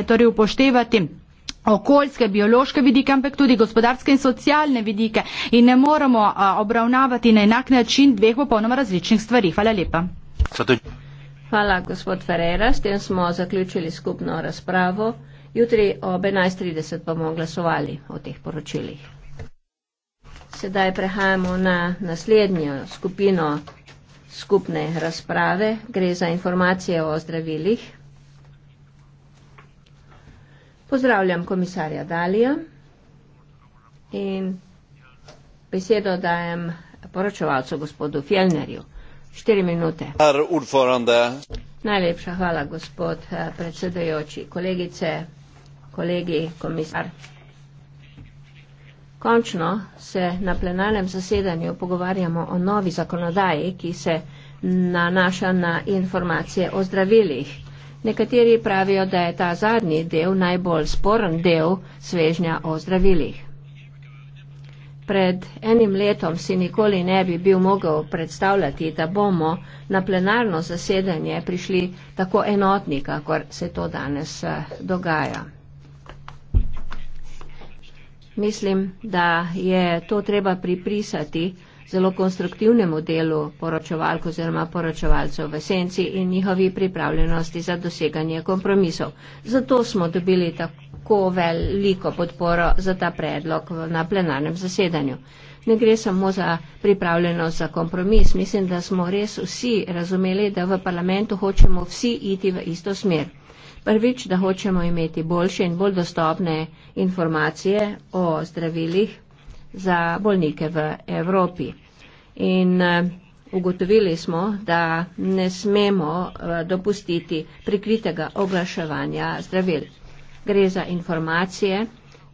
je torej upoštevati okoljske, biološke vidike, ampak tudi gospodarske in socialne vidike in ne moramo obravnavati na enak način dveh popolnoma različnih stvari. Hvala lepa. Hvala, gospod Ferreira. S tem smo zaključili skupno razpravo. Jutri ob 11.30 bomo glasovali o teh poročilih. Sedaj prehajamo na naslednjo skupino skupne razprave. Gre za informacije o zdravilih. Pozdravljam komisarja Dalija in besedo dajem poročevalcu gospodu Fjellnerju. Štiri minute. Najlepša hvala, gospod eh, predsedajoči, kolegice, kolegi, komisar. Končno se na plenarnem zasedanju pogovarjamo o novi zakonodaji, ki se nanaša na informacije o zdravilih, Nekateri pravijo, da je ta zadnji del najbolj sporen del svežnja o zdravilih. Pred enim letom si nikoli ne bi bil mogel predstavljati, da bomo na plenarno zasedanje prišli tako enotni, kakor se to danes eh, dogaja. Mislim, da je to treba priprisati zelo konstruktivnemu delu poročevalk oziroma poročevalcev v senci in njihovi pripravljenosti za doseganje kompromisov. Zato smo dobili tako veliko podporo za ta predlog na plenarnem zasedanju. Ne gre samo za pripravljenost za kompromis, mislim, da smo res vsi razumeli, da v parlamentu hočemo vsi iti v isto smer. Prvič, da hočemo imeti boljše in bolj dostopne informacije o zdravilih za bolnike v Evropi. In eh, ugotovili smo, da ne smemo eh, dopustiti prikritega oglaševanja zdravil. Gre za informacije,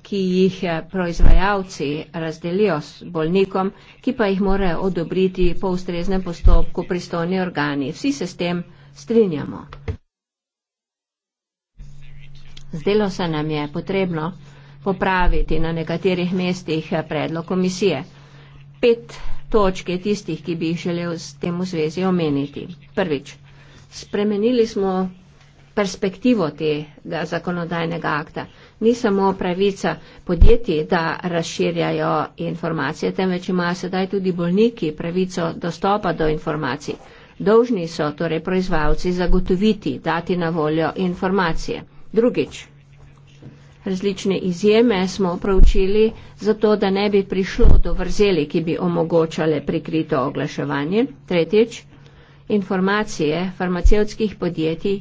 ki jih eh, proizvajalci razdelijo s bolnikom, ki pa jih morajo odobriti po ustreznem postopku pristojni organi. Vsi se s tem strinjamo. Zdelo se nam je potrebno, popraviti na nekaterih mestih eh, predlog komisije. Pet točke tistih, ki bi jih želel s tem v zvezi omeniti. Prvič, spremenili smo perspektivo tega zakonodajnega akta. Ni samo pravica podjetij, da razširjajo informacije, temveč imajo sedaj tudi bolniki pravico dostopa do informacij. Dolžni so torej proizvajalci zagotoviti, dati na voljo informacije. Drugič, različne izjeme smo proučili, zato da ne bi prišlo do vrzeli, ki bi omogočale prikrito oglaševanje. Tretjič, informacije farmacevskih podjetij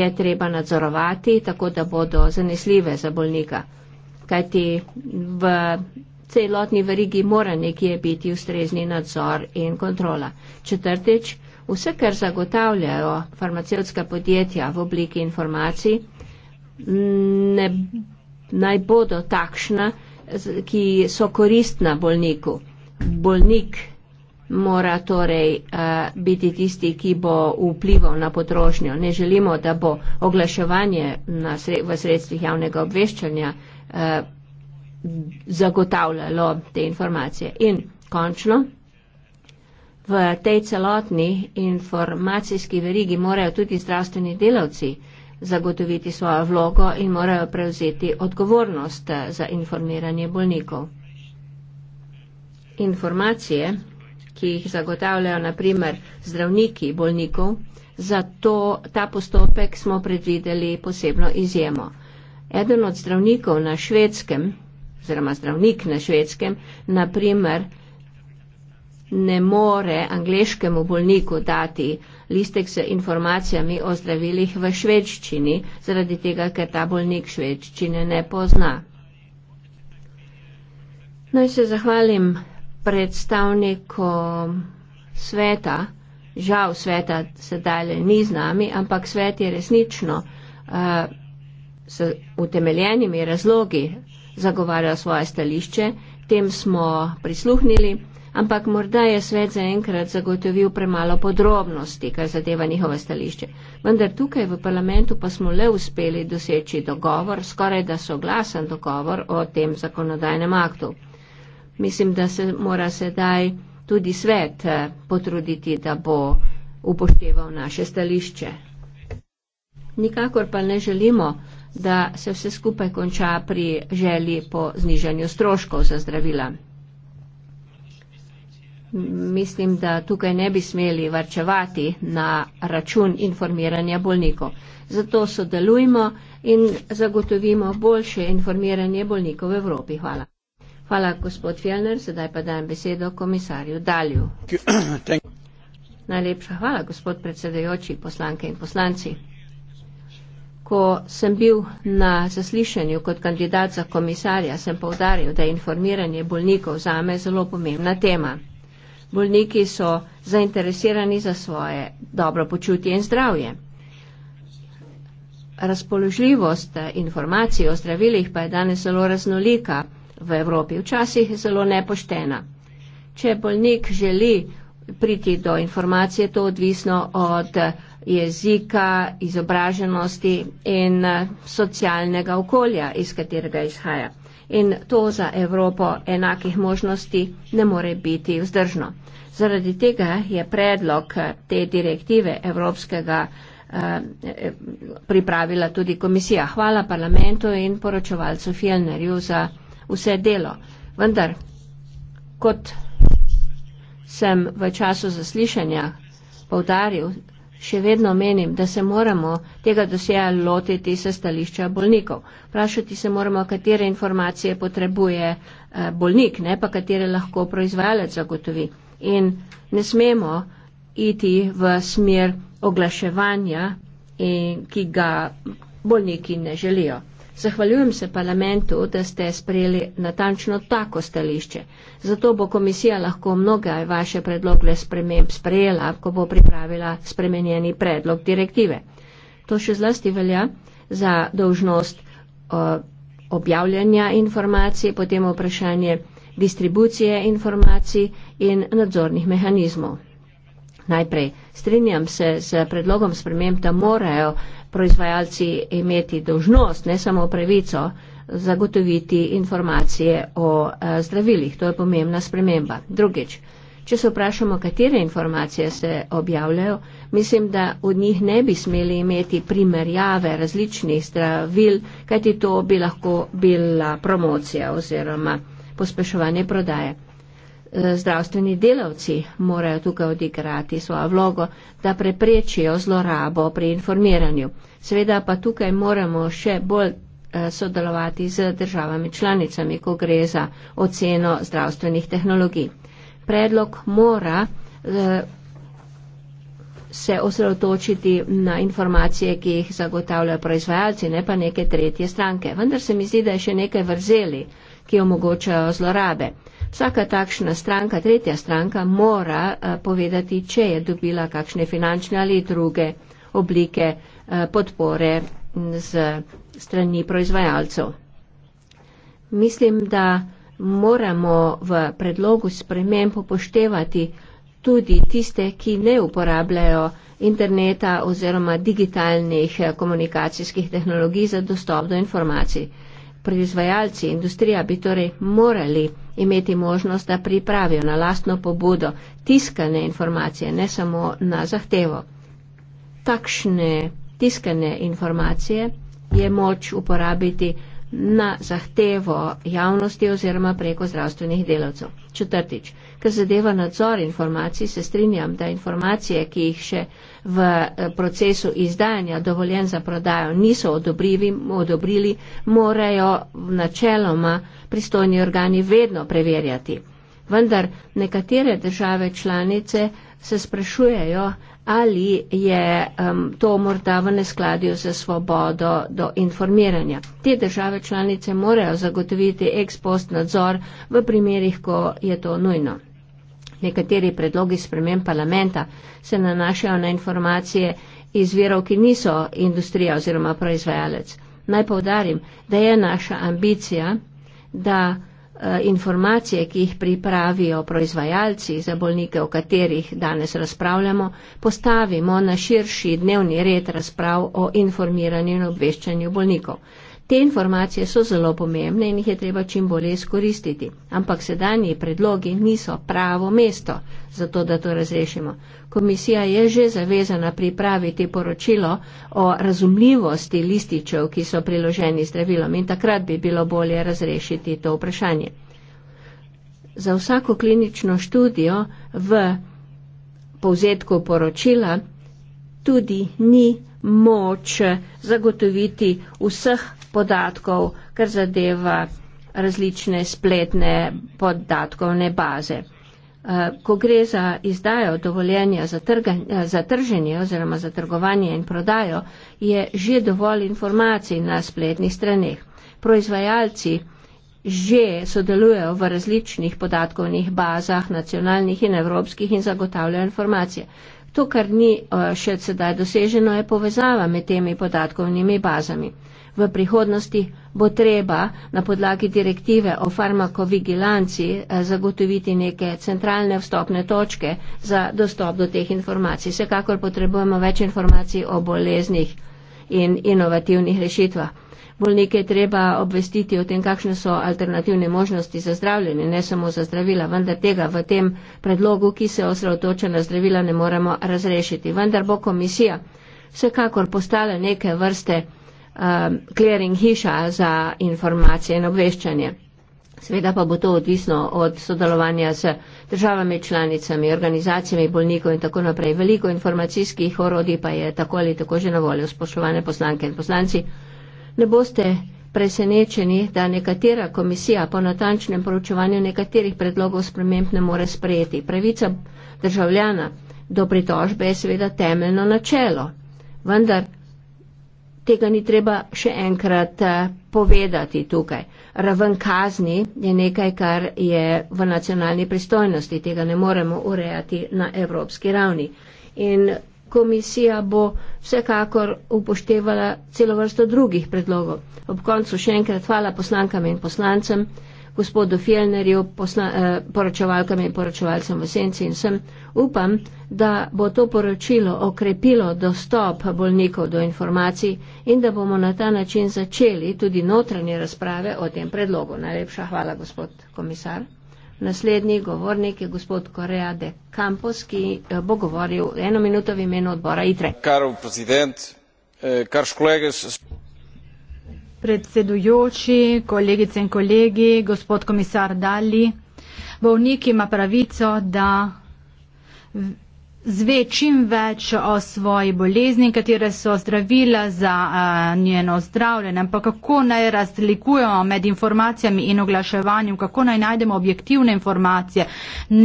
je treba nadzorovati, tako da bodo zanesljive za bolnika, kajti v celotni verigi mora nekje biti ustrezni nadzor in kontrola. Četrtič, vse, kar zagotavljajo farmacevska podjetja v obliki informacij, ne, naj bodo takšna, ki so koristna bolniku. Bolnik mora torej uh, biti tisti, ki bo vplival na potrošnjo. Ne želimo, da bo oglaševanje na sred, v sredstvih javnega obveščanja uh, zagotavljalo te informacije. In končno, v tej celotni informacijski verigi morajo tudi zdravstveni delavci uh, zagotoviti svojo vlogo in morajo prevzeti odgovornost eh, za informiranje bolnikov. Informacije, ki jih zagotavljajo naprimer zdravniki bolnikov, zato ta postopek smo predvideli posebno izjemo. Eden od zdravnikov na švedskem, oziroma zdravnik na švedskem, naprimer ne more angliškemu bolniku dati uh, listek s informacijami o zdravilih v švedščini, zaradi tega, ker ta bolnik švedščine ne pozna. Naj se zahvalim predstavnikom sveta, žal sveta sedaj le ni z nami, ampak svet je resnično uh, s utemeljenimi razlogi zagovarjal svoje stališče, tem smo prisluhnili ampak morda je svet zaenkrat zagotovil premalo podrobnosti, kar zadeva njihovo stališče. Vendar tukaj v parlamentu pa smo le uspeli doseči dogovor, skoraj da soglasen dogovor o tem zakonodajnem aktu. Mislim, da se mora sedaj tudi svet eh, potruditi, da bo upošteval naše stališče. Nikakor pa ne želimo, da se vse skupaj konča pri želji po znižanju stroškov za zdravila mislim, da tukaj ne bi smeli varčevati na račun informiranja bolnikov. Zato sodelujmo in zagotovimo boljše informiranje bolnikov v Evropi. Hvala. Hvala, gospod Fjellner. Sedaj pa dajem besedo komisarju Dalju. Najlepša hvala, gospod predsedajoči, poslanke in poslanci. Ko sem bil na zaslišanju kot kandidat za komisarja, sem povdaril, da je informiranje bolnikov zame zelo pomembna tema bolniki so zainteresirani za svoje dobro počutje in zdravje. Razpoložljivost eh, informacij o zdravilih pa je danes zelo raznolika v Evropi, včasih zelo nepoštena. Če bolnik želi priti do informacije, to odvisno od eh, jezika, izobraženosti in eh, socialnega okolja, iz katerega izhaja in to za Evropo enakih možnosti ne more biti vzdržno. Zaradi tega je predlog te direktive Evropskega eh, pripravila tudi komisija. Hvala parlamentu in poročevalcu Fjellnerju za vse delo. Vendar, kot sem v času zaslišanja povdaril, še vedno menim, da se moramo tega doseja lotiti sa stališča bolnikov. Vprašati se moramo, katere informacije potrebuje eh, bolnik, ne pa katere lahko proizvajalec zagotovi. In ne smemo iti v smer oglaševanja, eh, ki ga bolniki ne želijo. Zahvaljujem se parlamentu, da ste sprejeli natančno tako stališče. Zato bo komisija lahko mnoge vaše predloge sprememb sprejela, ko bo pripravila spremenjeni predlog direktive. To še zlasti velja za dožnost objavljanja informacij, potem vprašanje distribucije informacij in nadzornih mehanizmov. Najprej strinjam se z predlogom sprememb, da morajo proizvajalci imeti dožnost, ne samo pravico, zagotoviti informacije o eh, zdravilih. To je pomembna sprememba. Drugič, če se vprašamo, katere informacije se objavljajo, mislim, da od njih ne bi smeli imeti primerjave različnih zdravil, kajti to bi lahko bila promocija oziroma pospeševanje prodaje. Eh, zdravstveni delavci morajo tukaj odigrati svojo vlogo, da preprečijo zlorabo pri informiranju. Seveda pa tukaj moramo še bolj eh, sodelovati z državami članicami, ko gre za oceno zdravstvenih tehnologij. Predlog mora eh, se osredotočiti na informacije, ki jih zagotavljajo proizvajalci, ne pa neke tretje stranke. Vendar se mi zdi, da je še nekaj vrzeli, ki omogočajo zlorabe. Vsaka takšna stranka, tretja stranka, mora eh, povedati, če je dobila kakšne finančne ali druge oblike eh, podpore z strani proizvajalcev. Mislim, da moramo v predlogu sprememb upoštevati tudi tiste, ki ne uporabljajo interneta oziroma digitalnih eh, komunikacijskih tehnologij za dostop do informacij. Proizvajalci, industrija bi torej morali imeti možnost, da pripravijo na lastno pobudo tiskane informacije, ne samo na zahtevo. Takšne tiskane informacije je moč uporabiti na zahtevo javnosti oziroma preko zdravstvenih delavcev. Četrtič, kar zadeva nadzor informacij, se strinjam, da informacije, ki jih še v eh, procesu izdajanja dovoljen za prodajo niso odobrili, morajo načeloma pristojni organi vedno preverjati. Vendar nekatere države članice se sprašujejo, ali je um, to morda v neskladju za svobodo do informiranja. Te države članice morajo zagotoviti ex post nadzor v primerih, ko je to nujno. Nekateri predlogi spremen parlamenta se nanašajo na informacije iz verov, ki niso industrija oziroma proizvajalec. Naj povdarim, da je naša ambicija, da Eh, informacije, ki jih pripravijo proizvajalci za bolnike, o katerih danes razpravljamo, postavimo na širši dnevni red razprav o informiranju in obveščanju bolnikov. Te informacije so zelo pomembne in jih je treba čim bolje izkoristiti, ampak sedanji predlogi niso pravo mesto za to, da to razrešimo. Komisija je že zavezana pripraviti poročilo o razumljivosti lističev, ki so priloženi zdravilom in takrat bi bilo bolje razrešiti to vprašanje. Za vsako klinično študijo v povzetku poročila tudi ni moč zagotoviti vseh podatkov, kar zadeva različne spletne podatkovne baze. Eh, ko gre za izdajo dovoljenja za, trga, eh, za trženje oziroma za trgovanje in prodajo, je že dovolj informacij na spletnih straneh. Proizvajalci že sodelujejo v različnih podatkovnih bazah, nacionalnih in evropskih, in zagotavljajo informacije. To, kar ni eh, še sedaj doseženo, je povezava med temi podatkovnimi bazami. V prihodnosti bo treba na podlagi direktive o farmakovigilanci eh, zagotoviti neke centralne vstopne točke za dostop do teh informacij. Vsekakor potrebujemo več informacij o boleznih in inovativnih rešitvah bolnike treba obvestiti o tem, kakšne so alternativne možnosti za zdravljenje, ne samo za zdravila, vendar tega v tem predlogu, ki se osredotoča na zdravila, ne moremo razrešiti. Vendar bo komisija vsekakor postala neke vrste um, clearing hiša za informacije in obveščanje. Sveda pa bo to odvisno od sodelovanja z državami, članicami, organizacijami, bolnikov in tako naprej. Veliko informacijskih orodij pa je tako ali tako že na voljo, spoštovane poslanke in poslanci ne boste presenečeni, da nekatera komisija po natančnem poročevanju nekaterih predlogov sprememb ne more sprejeti. Pravica državljana do pritožbe je seveda temeljno načelo, vendar tega ni treba še enkrat eh, povedati tukaj. Raven kazni je nekaj, kar je v nacionalni pristojnosti, tega ne moremo urejati na evropski ravni. In komisija bo vsekakor upoštevala celo vrsto drugih predlogov. Ob koncu še enkrat hvala poslankam in poslancem, gospodu Fjellnerju, posla, eh, poročevalkam in poročevalcem v Senci in sem. Upam, da bo to poročilo okrepilo dostop bolnikov do informacij in da bomo na ta način začeli tudi notranje razprave o tem predlogu. Najlepša hvala, gospod komisar. Naslednji govornik je gospod Korea de Campos, ki eh, bo govoril eno minuto v imenu odbora ITRE. Eh, Predsedujoči, kolegice in kolegi, gospod komisar Dali, bovnik ima pravico, da zve čim več o svoji bolezni, katere so zdravila za uh, njeno zdravljenje, ampak kako naj razlikujemo med informacijami in oglaševanjem, kako naj najdemo objektivne informacije,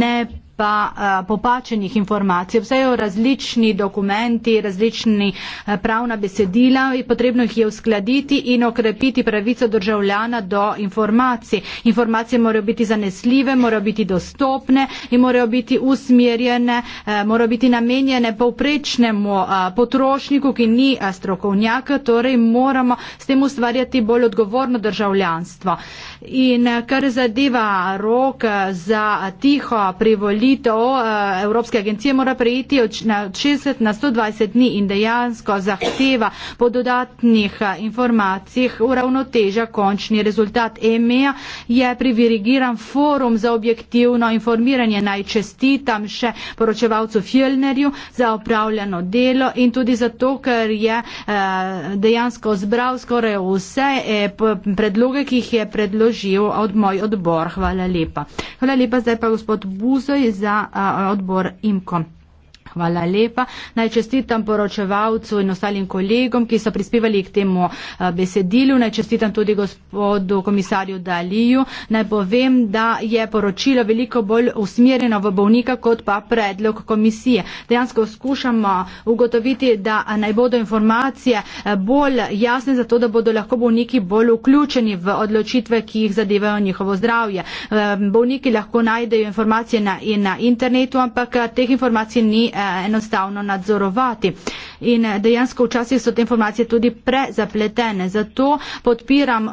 ne pa a, eh, popačenih informacij. Vse je različni dokumenti, različni a, eh, pravna besedila in potrebno jih je uskladiti in okrepiti pravico državljana do informacij. Informacije morajo biti zanesljive, morajo biti dostopne in morajo biti usmerjene, a, eh, morajo biti namenjene povprečnemu a, potrošniku, ki ni a, strokovnjak, torej moramo s tem ustvarjati bolj odgovorno državljanstvo. A, In eh, kar zadeva rok eh, za tiho privolitev, eh, Evropske agencije mora prejiti od 60 na 120 dni in dejansko zahteva po dodatnih informacijah uravnoteža končni rezultat EMEA. Je privirigiran forum za objektivno informiranje. Naj čestitam še poročevalcu Fjellnerju za opravljeno delo in tudi zato, ker je dejansko zbral skoraj vse predloge, ki jih je predložil doživel od moj odbor. Hvala lepa. Hvala lepa zdaj pa gospod Buzoj za a, odbor Imko. Hvala lepa. Naj čestitam poročevalcu in ostalim kolegom, ki so prispevali k temu eh, besedilu. Naj čestitam tudi gospodu komisarju Daliju. Naj povem, da je poročilo veliko bolj usmerjeno v bolnika kot pa predlog komisije. Dejansko skušamo ugotoviti, da naj bodo informacije eh, bolj jasne, zato da bodo lahko bolniki bolj vključeni v odločitve, ki jih zadevajo njihovo zdravje. Eh, bolniki lahko najdejo informacije na, na internetu, ampak teh informacij ni Eh, enostavno nadzorovati. In eh, dejansko včasih so te informacije tudi prezapletene. Zato podpiram uh,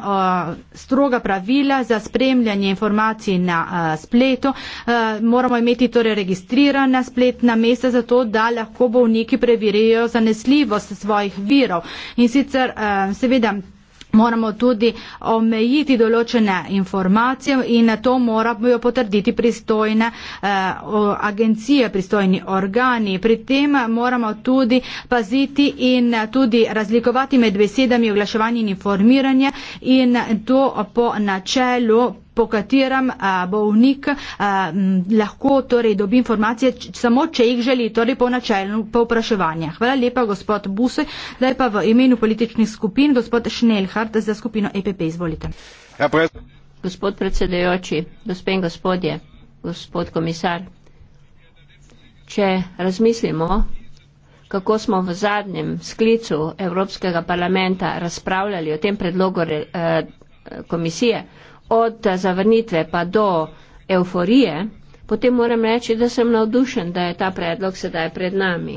stroga pravila za spremljanje informacij na uh, spletu. Uh, moramo imeti torej registrirana spletna mesta, zato da lahko bolniki preverijo zanesljivost svojih virov. In sicer uh, seveda moramo tudi omejiti določene informacije in to morajo potrditi pristojne eh, agencije, pristojni organi. Pri tem moramo tudi paziti in tudi razlikovati med besedami oglaševanje in informiranje in to po načelu po katerem a, bolnik a, m, lahko torej, dobi informacije, samo če jih želi, torej po načelju povpraševanja. Hvala lepa, gospod Buse. Zdaj pa v imenu političnih skupin, gospod Šnelhard za skupino EPP. Izvolite. Ja, pred... Gospod predsedujoči, gospod in gospodje, gospod komisar, če razmislimo, kako smo v zadnjem sklicu Evropskega parlamenta razpravljali o tem predlogu re, eh, komisije, od zavrnitve pa do euforije, potem moram reči, da sem navdušen, da je ta predlog sedaj pred nami.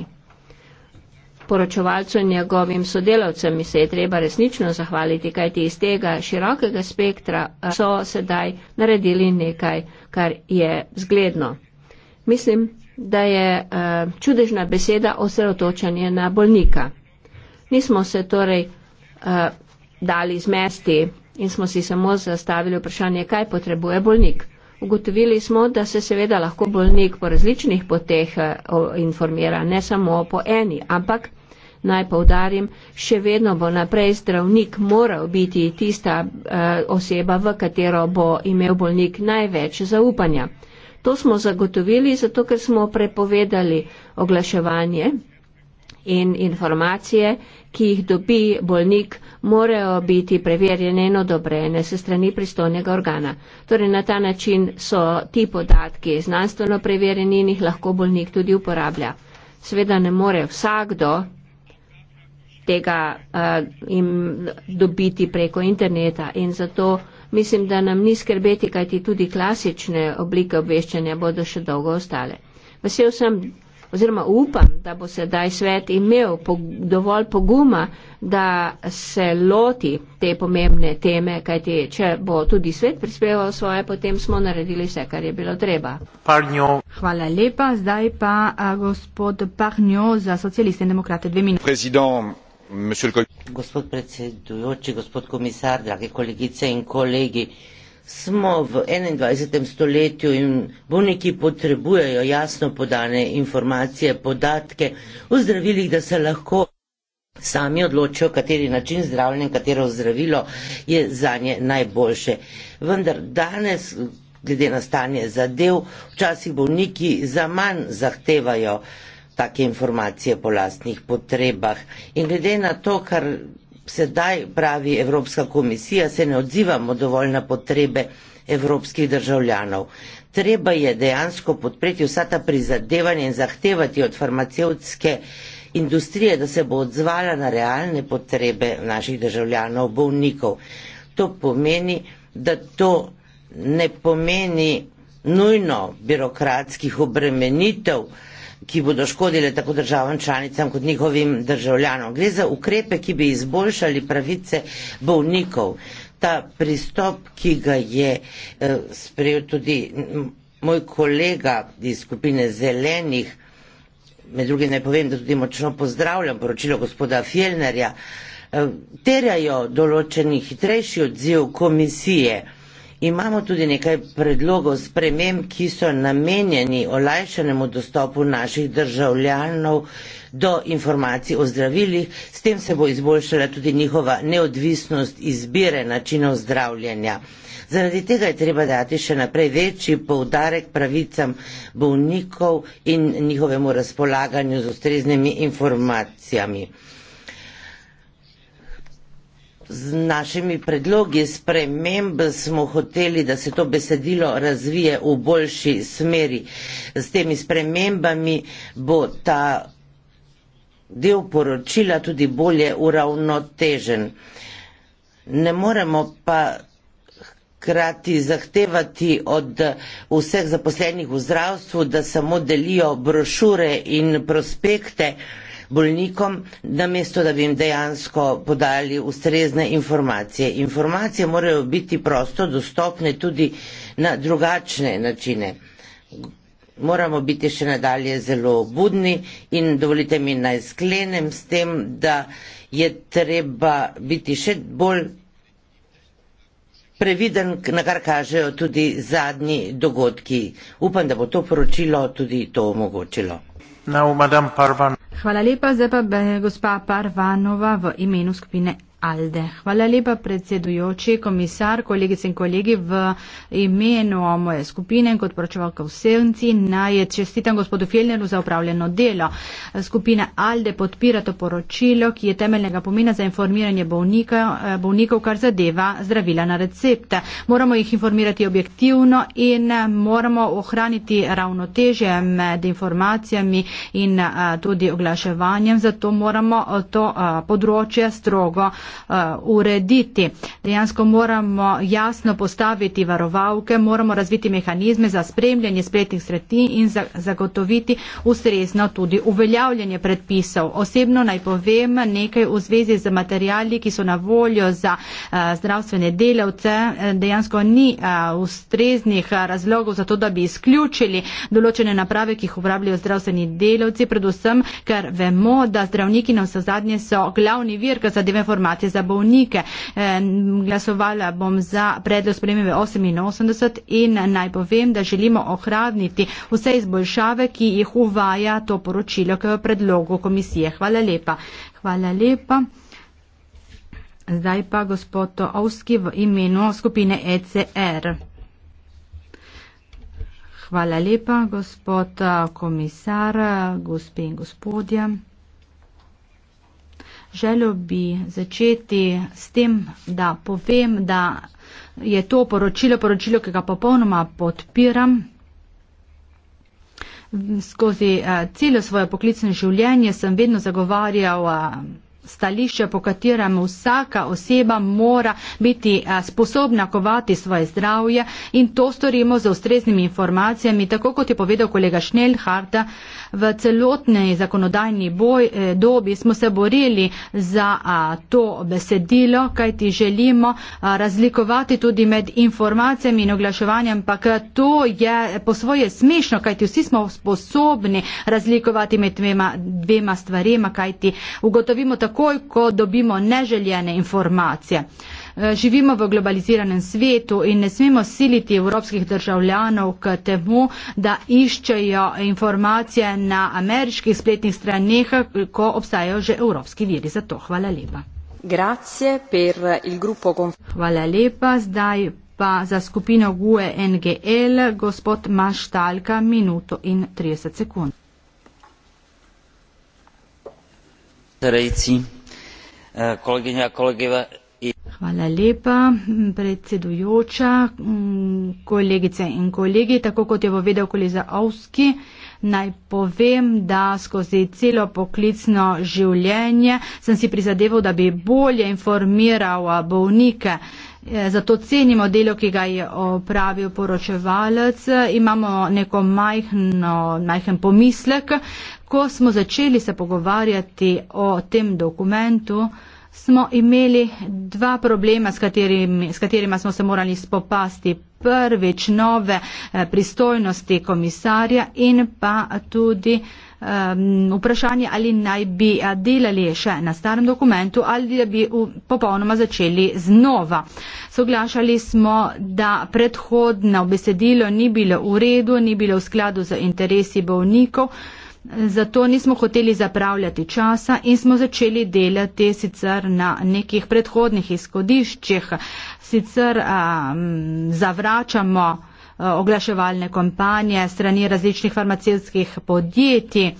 Poročevalcu in njegovim sodelavcem se je treba resnično zahvaliti, kajti iz tega širokega spektra eh, so sedaj naredili nekaj, kar je zgledno. Mislim, da je eh, čudežna beseda osredotočanje na bolnika. Nismo se torej eh, dali zmesti in smo si samo zastavili vprašanje, kaj potrebuje bolnik. Ugotovili smo, da se seveda lahko bolnik po različnih poteh eh, informira, ne samo po eni, ampak naj povdarim, še vedno bo naprej zdravnik moral biti tista eh, oseba, v katero bo imel bolnik največ zaupanja. To smo zagotovili, zato ker smo prepovedali oglaševanje in informacije, ki jih dobi bolnik, morajo biti preverjene in odobrene se strani pristojnega organa. Torej na ta način so ti podatki znanstveno preverjeni in jih lahko bolnik tudi uporablja. Sveda ne more vsakdo tega uh, im dobiti preko interneta in zato mislim, da nam ni skrbeti, kajti tudi klasične oblike obveščanja bodo še dolgo ostale. Vesel sem, oziroma upam, da bo sedaj svet imel dovolj poguma, da se loti te pomembne teme, kajti če bo tudi svet prispeval svoje, potem smo naredili vse, kar je bilo treba. Parnjo. Hvala lepa, zdaj pa gospod Pahnjo za socialiste in demokrate dve minute. Prezident. Gospod predsedujoči, gospod komisar, drage kolegice in kolegi, smo v 21. stoletju in bolniki potrebujejo jasno podane informacije, podatke v zdravilih, da se lahko sami odločijo, kateri način zdravljenja, katero zdravilo je za nje najboljše. Vendar danes, glede na stanje zadev, včasih bolniki za manj zahtevajo take informacije po lastnih potrebah. In glede na to, kar sedaj pravi Evropska komisija, se ne odzivamo dovolj na potrebe evropskih državljanov. Treba je dejansko podpreti vsa ta prizadevanja in zahtevati od farmacevtske industrije, da se bo odzvala na realne potrebe naših državljanov, bolnikov. To pomeni, da to ne pomeni nujno birokratskih obremenitev, ki bodo škodile tako državam članicam kot njihovim državljanom. Gre za ukrepe, ki bi izboljšali pravice bolnikov. Ta pristop, ki ga je eh, sprejel tudi moj kolega iz skupine zelenih, med drugim naj povem, da tudi močno pozdravljam poročilo gospoda Fjellnerja, eh, terjajo določeni hitrejši odziv komisije. Imamo tudi nekaj predlogov sprememb, ki so namenjeni olajšanemu dostopu naših državljanov do informacij o zdravilih. S tem se bo izboljšala tudi njihova neodvisnost izbire načinov zdravljenja. Zaradi tega je treba dati še naprej večji poudarek pravicam bolnikov in njihovemu razpolaganju z ustreznimi informacijami. Z našimi predlogi sprememb smo hoteli, da se to besedilo razvije v boljši smeri. S temi spremembami bo ta del poročila tudi bolje uravnotežen. Ne moremo pa hkrati zahtevati od vseh zaposlenih v zdravstvu, da samo delijo brošure in prospekte, bolnikom, namesto da bi jim dejansko podali ustrezne informacije. Informacije morajo biti prosto dostopne tudi na drugačne načine. Moramo biti še nadalje zelo budni in dovolite mi naj sklenem s tem, da je treba biti še bolj previden, na kar kažejo tudi zadnji dogodki. Upam, da bo to poročilo tudi to omogočilo. Now, Madame Parvan, Hvala lepa, zdaj pa eh, gospa Parvanova v imenu skupine Alde. Hvala lepa predsedujoči, komisar, kolegice in kolegi v imenu moje skupine kot pročevalka v Sevnci. Naj čestitam gospodu Fjellneru za upravljeno delo. Skupina Alde podpira to poročilo, ki je temeljnega pomena za informiranje bolnika, eh, bolnikov, kar zadeva zdravila na recept. Moramo jih informirati objektivno in eh, moramo ohraniti ravnoteže med informacijami in eh, tudi oglaševanjem. Zato moramo to področje strogo Eh, urediti. Dejansko moramo jasno postaviti varovalke, moramo razviti mehanizme za spremljanje spletnih sredin in zagotoviti ustrezno tudi uveljavljanje predpisov. Osebno naj povem nekaj v zvezi z materijali, ki so na voljo za eh, zdravstvene delavce. Dejansko ni eh, ustreznih razlogov za to, da bi izključili določene naprave, ki jih uporabljajo zdravstveni delavci, predvsem, ker vemo, da zdravniki nam so zadnje so glavni vir, ker zadeve informacije kvote za bolnike. Eh, glasovala bom za predlog spremembe 88 in naj povem, da želimo ohraniti vse izboljšave, ki jih uvaja to poročilo k predlogu komisije. Hvala lepa. Hvala lepa. Zdaj pa gospod Ovski v imenu skupine ECR. Hvala lepa, gospod eh, komisar, eh, gospe in gospodje želel bi začeti s tem, da povem, da je to poročilo, poročilo, ki ga popolnoma podpiram. Skozi eh, celo svoje poklicno življenje sem vedno zagovarjal eh, stališče, po katerem vsaka oseba mora biti eh, sposobna kovati svoje zdravje in to storimo z ustreznimi informacijami, tako kot je povedal kolega Šnelharta, v celotni zakonodajni boj, eh, dobi smo se borili za eh, to besedilo, kaj ti želimo razlikovati tudi med informacijami in oglaševanjem, pa to je po svoje smešno, kaj ti vsi smo sposobni razlikovati med dvema, dvema stvarema, kaj ti ugotovimo tako, takoj, ko dobimo neželjene informacije. Eh, živimo v globaliziranem svetu in ne smemo siliti evropskih državljanov k temu, da iščejo informacije na ameriških spletnih straneh, ko obstajajo že evropski viri. Zato hvala lepa. Hvala lepa. Zdaj pa za skupino GUE NGL gospod Maštalka minuto in 30 sekund. Eh, Hvala lepa, predsedujoča, mm, kolegice in kolegi. Tako kot je povedal koliza Ovski, naj povem, da skozi celo poklicno življenje sem si prizadeval, da bi bolje informiral eh, bolnike. Eh, zato cenimo delo, ki ga je opravil poročevalec. Imamo neko majhno, majhen pomislek. Ko smo začeli se pogovarjati o tem dokumentu, smo imeli dva problema, s katerima, s katerima smo se morali spopasti. Prvič nove eh, pristojnosti komisarja in pa tudi eh, vprašanje, ali naj bi eh, delali še na starem dokumentu ali da bi popolnoma začeli znova. Soglašali smo, da predhodno besedilo ni bilo v redu, ni bilo v skladu z interesi bolnikov zato nismo hoteli zapravljati časa in smo začeli delati sicer na nekih predhodnih izhodiščih, sicer um, zavračamo. Eh, oglaševalne kompanije, strani različnih farmacevskih podjetij.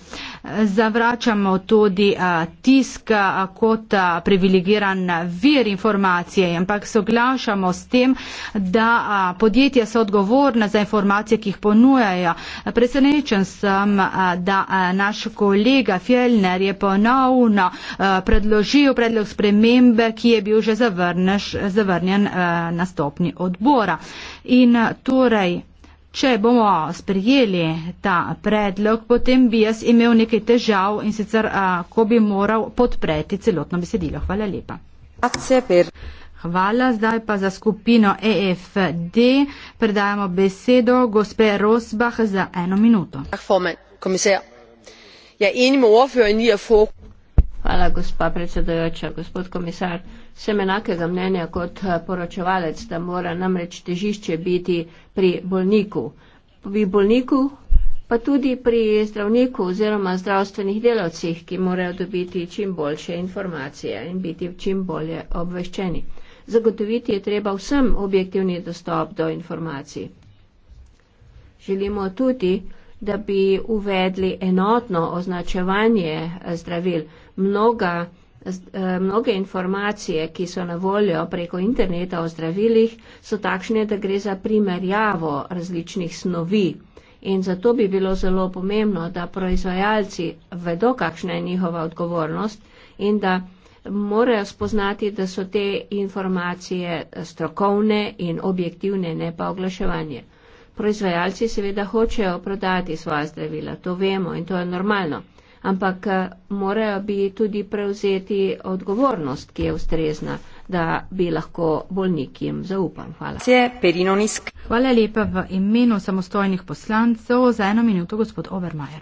Zavračamo tudi eh, tisk eh, kot privilegiran vir informacije, ampak soglašamo s tem, da podjetja so odgovorna za informacije, ki jih ponujajo. Presenečen sem, da naš kolega Fjellner je ponovno predložil predlog spremembe, ki je bil že zavrneš, zavrnjen na stopni odbora. In torej, Če bomo sprijeli ta predlog, potem bi jaz imel nekaj težav in sicer, a, ko bi moral podpreti celotno besedilo. Hvala lepa. Hvala, zdaj pa za skupino EFD predajamo besedo gospe Rosbah za eno minuto. Er Hvala, gospa predsedujoča, gospod komisar. Sem enakega mnenja kot eh, poročevalec, da mora namreč težišče biti pri bolniku. Pri bolniku, pa tudi pri zdravniku oziroma zdravstvenih delavcih, ki morajo dobiti čim boljše informacije in biti čim bolje obveščeni. Zagotoviti je treba vsem objektivni dostop do informacij. Želimo tudi, da bi uvedli enotno označevanje eh, zdravil. Mnoga Eh, mnoge informacije, ki so na voljo preko interneta o zdravilih, so takšne, da gre za primerjavo različnih snovi. In zato bi bilo zelo pomembno, da proizvajalci vedo, kakšna je njihova odgovornost in da morajo spoznati, da so te informacije strokovne in objektivne, ne pa oglaševanje. Proizvajalci seveda hočejo prodati svoje zdravila, to vemo in to je normalno ampak eh, morajo bi tudi prevzeti odgovornost, ki je ustrezna, da bi lahko bolnikim zaupam. Hvala. Hvala lepa v imenu samostojnih poslancev. Za eno minuto gospod Overmajer.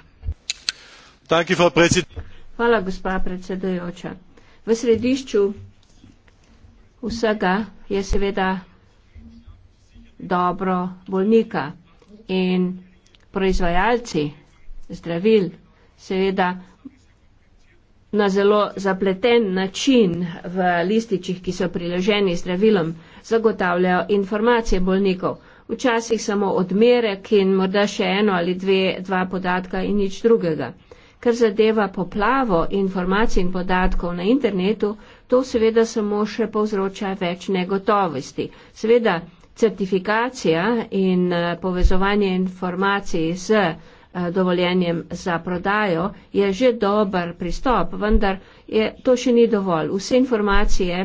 Hvala, gospa predsedujoča. V središču vsega je seveda dobro bolnika in proizvajalci zdravil seveda na zelo zapleten način v lističih, ki so priloženi zdravilom, zagotavljajo informacije bolnikov. Včasih samo odmerek in morda še eno ali dve, dva podatka in nič drugega. Ker zadeva poplavo informacij in podatkov na internetu, to seveda samo še povzroča več negotovosti. Seveda, certifikacija in eh, povezovanje informacij z Eh, dovoljenjem za prodajo, je že dober pristop, vendar je, to še ni dovolj. Vse informacije,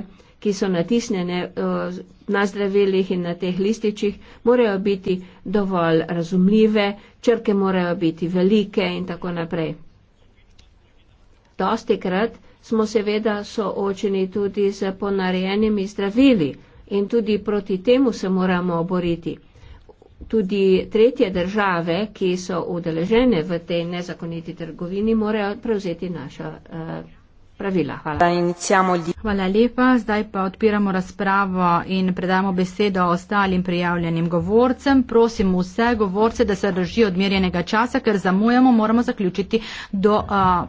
ki so natisnjene eh, na zdravilih in na teh lističih, morajo biti dovolj razumljive, črke morajo biti velike in tako naprej. Dosti krat smo seveda soočeni tudi z ponarejenimi zdravili in tudi proti temu se moramo oboriti tudi tretje države, ki so udeležene v tej nezakoniti trgovini, morajo prevzeti naša. Uh, pravila. Hvala. Hvala lepa. Zdaj pa odpiramo razpravo in predajamo besedo ostalim prijavljenim govorcem. Prosim vse govorce, da se držijo odmerjenega časa, ker zamujamo, moramo zaključiti do uh,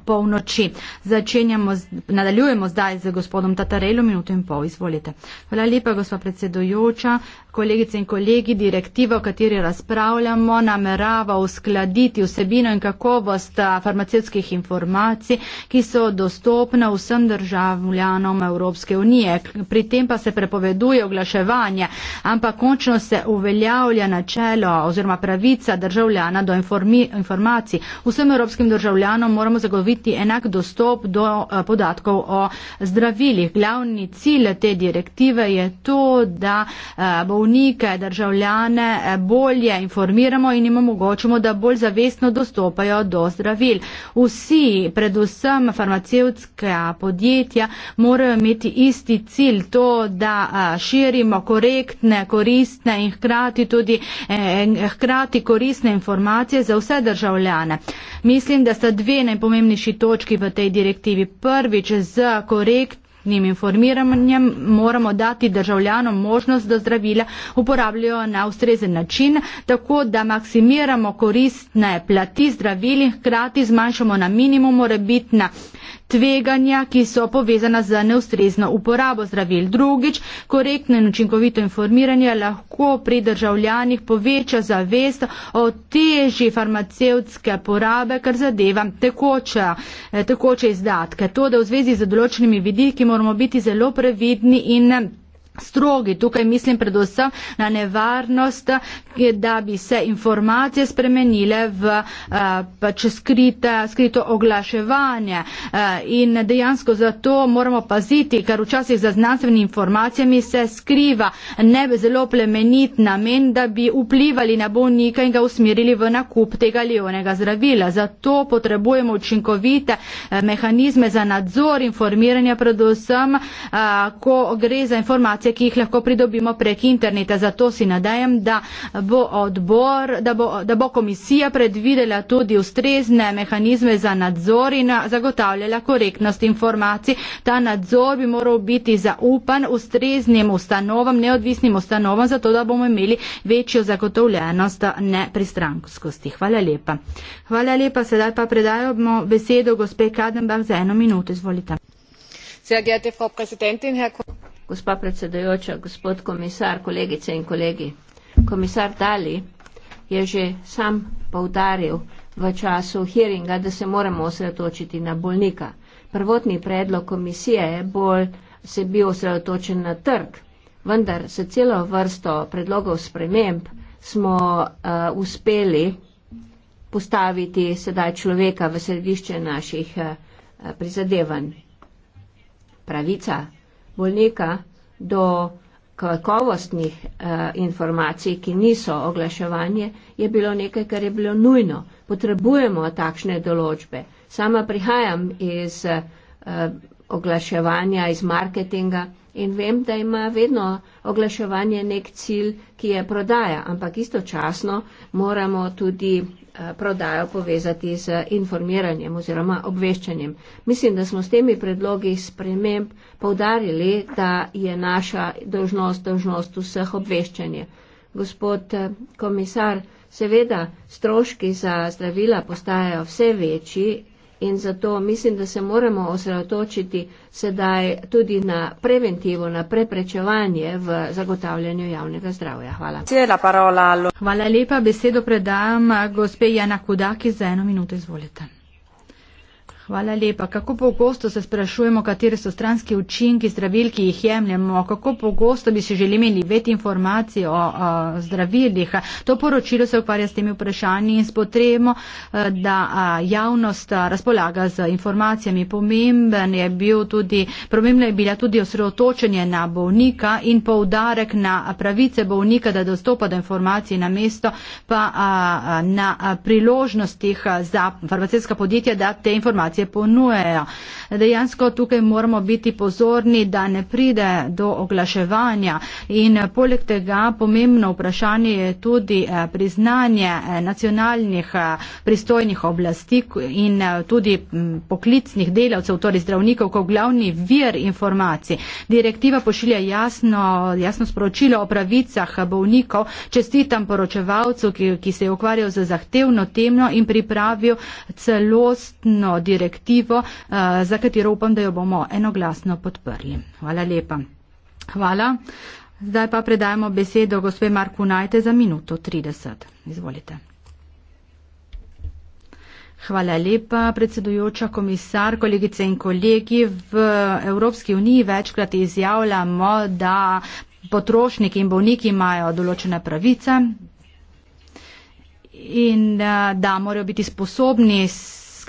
polnoči. Začenjamo, nadaljujemo zdaj z gospodom Tatarelo, minuto in pol, izvolite. Hvala lepa, gospa predsedujoča. Kolegice in kolegi, direktiva, o kateri razpravljamo, namerava uskladiti vsebino in kakovost farmacijskih informacij, ki so dostopne dostopna vsem državljanom Evropske unije. Pri tem pa se prepoveduje oglaševanje, ampak končno se uveljavlja načelo oziroma pravica državljana do informi, informacij. Vsem evropskim državljanom moramo zagoviti enak dostop do eh, podatkov o zdravilih. Glavni cilj te direktive je to, da eh, bolnike, državljane eh, bolje informiramo in jim omogočimo, da bolj zavestno dostopajo do zdravil. Vsi, predvsem farmacevtske države, a podjetja morajo imeti isti cilj, to, da a, širimo korektne, koristne in hkrati tudi eh, hkrati koristne informacije za vse državljane. Mislim, da sta dve najpomembnejši točki v tej direktivi. Prvič, z korektnim Njim informiranjem moramo dati državljanom možnost, da zdravila uporabljajo na ustrezen način, tako da maksimiramo koristne plati zdravili, hkrati zmanjšamo na minimum morebitna tveganja, ki so povezana z neustrezno uporabo zdravil. Drugič, korektno in učinkovito informiranje lahko pri državljanih poveča zavest o teži farmacevtske porabe, kar zadeva tekoče, eh, tekoče izdatke. To, da v zvezi z določenimi vidiki moramo moramo biti zelo previdni in strogi. Tukaj mislim predvsem na nevarnost, da bi se informacije spremenile v eh, pač skrita, skrito oglaševanje. Eh, in dejansko zato moramo paziti, ker včasih za znanstvenimi informacijami se skriva ne zelo plemenit namen, da bi vplivali na bolnika in ga usmerili v nakup tega ali onega zdravila. Zato potrebujemo učinkovite eh, mehanizme za nadzor informiranja predvsem, ko gre za informacije informacije, ki jih lahko pridobimo prek interneta. Zato si nadajem, da bo, odbor, da bo, da bo komisija predvidela tudi ustrezne mehanizme za nadzor in zagotavljala korektnost informacij. Ta nadzor bi moral biti zaupan ustreznim ustanovam, neodvisnim ustanovam, zato da bomo imeli večjo zagotovljenost nepristrankosti. Hvala lepa. Hvala lepa, sedaj pa predajamo besedo gospe Kadenbach za eno minuto. Izvolite. Sehr geehrte Frau Präsidentin, Herr Kollege. Gospa predsedajoča, gospod komisar, kolegice in kolegi. Komisar Dali je že sam povdaril v času hearinga, da se moramo osredotočiti na bolnika. Prvotni predlog komisije je bolj se bil osredotočen na trg, vendar se celo vrsto predlogov sprememb smo uh, uspeli postaviti sedaj človeka v središče naših uh, prizadevanj. Pravica bolnika do kakovostnih eh, informacij, ki niso oglaševanje, je bilo nekaj, kar je bilo nujno. Potrebujemo takšne določbe. Sama prihajam iz eh, oglaševanja, iz marketinga In vem, da ima vedno oglaševanje nek cilj, ki je prodaja, ampak istočasno moramo tudi eh, prodajo povezati z informiranjem oziroma obveščanjem. Mislim, da smo s temi predlogi sprememb povdarili, da je naša dožnost, dožnost vseh obveščanje. Gospod eh, komisar, seveda stroški za zdravila postajajo vse večji In zato mislim, da se moramo osredotočiti sedaj tudi na preventivo, na preprečevanje v zagotavljanju javnega zdravja. Hvala. Hvala lepa. Besedo predam gospe Jana Kudaki za eno minuto. Izvolite. Hvala lepa. Kako pogosto se sprašujemo, kateri so stranski učinki zdravil, ki jih jemljemo, kako pogosto bi si želeli imeli več informacij o, o zdravilih. To poročilo se ukvarja s temi vprašanji in s potrebo, eh, da javnost razpolaga z informacijami. Pomemben je bil tudi, pomembno je bila tudi osredotočenje na bolnika in poudarek na pravice bolnika, da dostopa do informacij na mesto, pa na priložnostih za farmacijska podjetja, da te informacije situacije ponujajo. Dejansko tukaj moramo biti pozorni, da ne pride do oglaševanja in poleg tega pomembno vprašanje je tudi eh, priznanje eh, nacionalnih eh, pristojnih oblasti in tudi mm, poklicnih delavcev, torej zdravnikov, kot glavni vir informacij. Direktiva pošilja jasno, jasno sporočilo o pravicah bovnikov, čestitam poročevalcu, ki, ki se je ukvarjal z zahtevno temno in pripravil celostno direktivo direktivo, eh, za katero upam, da jo bomo enoglasno podprli. Hvala lepa. Hvala. Zdaj pa predajamo besedo gospe Marku Najte za minuto 30. Izvolite. Hvala lepa, predsedujoča komisar, kolegice in kolegi. V Evropski uniji večkrat izjavljamo, da potrošniki in bolniki imajo določene pravice in eh, da morajo biti sposobni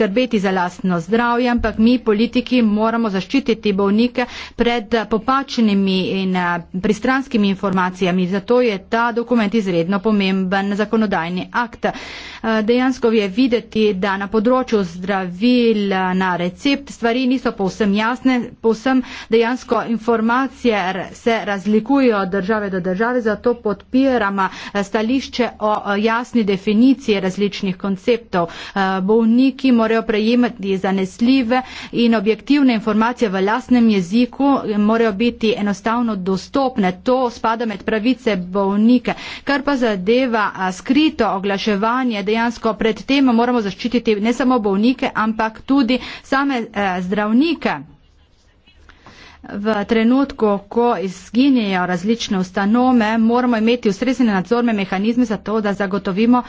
skrbeti za lastno zdravje, ampak mi politiki moramo zaščititi bolnike pred popačenimi in eh, pristranskimi informacijami. Zato je ta dokument izredno pomemben zakonodajni akt. Eh, dejansko je videti, da na področju zdravil eh, na recept stvari niso povsem jasne, povsem dejansko informacije se razlikujejo od države do države, zato podpiramo stališče o jasni definiciji različnih konceptov. Bolniki morajo morajo prejemati zanesljive in objektivne informacije v lasnem jeziku, morajo biti enostavno dostopne. To spada med pravice bolnike. Kar pa zadeva skrito oglaševanje, dejansko pred tem moramo zaščititi ne samo bolnike, ampak tudi same zdravnike. V trenutku, ko izginjajo različne ustanove, moramo imeti ustrezne nadzorne mehanizme za to, da zagotovimo